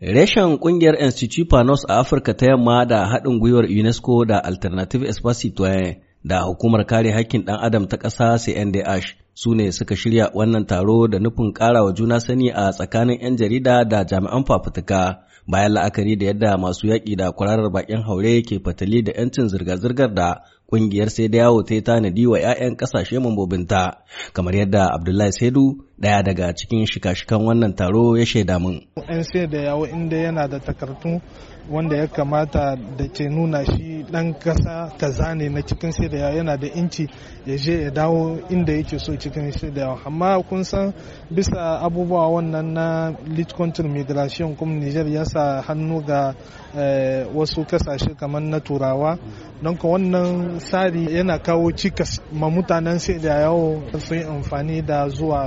Reshen ƙungiyar Institut Panos a Afirka ta yamma da haɗin gwiwar UNESCO da Alternative Espace da hukumar kare haƙƙin ɗan adam ta ƙasa CNDH su ne suka shirya wannan taro da nufin ƙara wa juna sani a tsakanin 'yan jarida da jami'an fafutuka bayan la'akari da yadda masu yaƙi da kwararar baƙin haure ke fatali da 'yancin zirga-zirgar da Ƙungiyar sai da yawo ta yi tanadi wa 'ya'yan ƙasashe mambobinta, kamar yadda Abdullahi Saidu ɗaya daga cikin shika-shikan wannan taro ya shaida min. 'Yan sai da yawo inda yana da takardu wanda ya kamata da ke nuna shi dan ƙasa ta zane na cikin sai da yawo yana da inci ya je ya dawo inda yake so cikin sai da yawo. Amma kun san bisa abubuwa wannan na lead country migration kuma Niger ya sa hannu ga eh, wasu kasashe kamar na turawa. Don ka wannan tsari yana kawo cikas ma mutanen sai da yawo su yi amfani da zuwa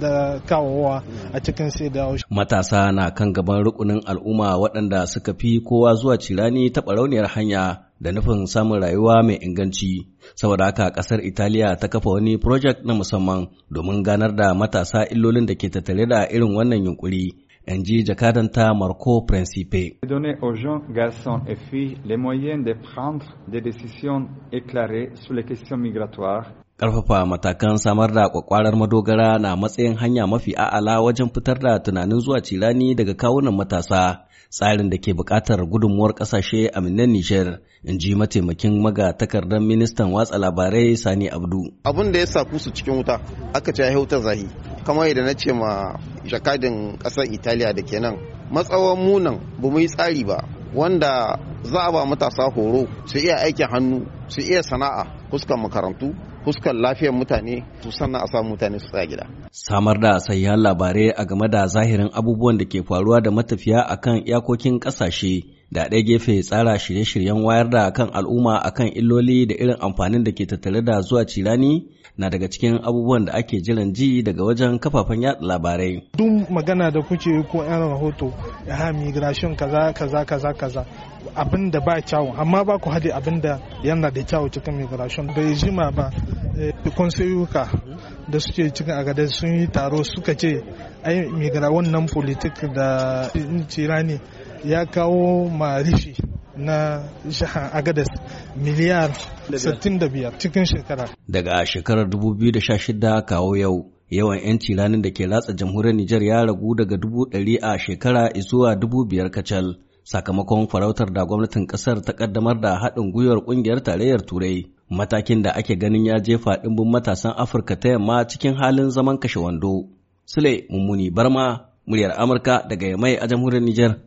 da kawowa a cikin sai da Matasa na kan gaban rukunin al'umma waɗanda suka fi kowa zuwa cirani ta barauniyar hanya da nufin samun rayuwa mai inganci. Saboda haka ƙasar Italiya ta kafa wani project na musamman domin ganar da matasa illolin da ke tattare da irin wannan yunkuri in ji jakadanta Marco Principe. Donner aux jeunes garçons et filles les moyens de prendre des décisions éclairées sur les questions migratoires Ƙarfafa matakan samar da kwakwarar madogara na matsayin hanya mafi a'ala wajen fitar da tunanin zuwa cirani daga kawunan matasa, tsarin da ke buƙatar gudunmuwar ƙasashe a minnan Nijar, in ji mataimakin maga takardar ministan watsa labarai Sani Abdu. Abin da ya saku su cikin wuta, aka ce ya hauta zahi, kamar yadda na ce ma jakadin kasar italiya da kenan matsawar munan ba mu yi tsari ba wanda za a ba matasa horo su iya aikin hannu su iya sana'a fuskan makarantu fuskan lafiyar mutane su sannan a samu mutane su tsaya gida. Samar da sahihan labarai a game da zahirin abubuwan da ke faruwa da matafiya a kan iyakokin ƙasashe da ɗaya gefe tsara shirye-shiryen wayar da kan al'umma a kan illoli da irin amfanin da ke tattare da zuwa cirani na daga cikin abubuwan da ake jiran ji daga wajen kafafen yada labarai. Duk magana da kuke ko yan rahoto ya ah, migration kaza kaza kaza kaza abin da ba kyawun amma ba ku hade abin da yana da kyawu cikin migration bai jima ba eh, konsayoyuka da suke cikin agadar sun yi taro suka ce ai migra wannan politik da tirani ya kawo ma rifi na jihar agadas miliyar 65 cikin shekara daga shekarar 2016 kawo yau yawan 'yanci ranar da ke latsa jamhuriyar Nijar ya ragu daga dubu ɗari a shekara zuwa dubu biyar kacal sakamakon farautar da gwamnatin kasar ta kaddamar da haɗin gwiwar ƙungiyar tarayyar turai matakin da ake ganin ya jefa ɗimbin matasan Afirka ta yamma cikin halin zaman kashe wando. Sule Mummuni Barma, muryar Amurka daga Yamai a jamhuriyar Nijar.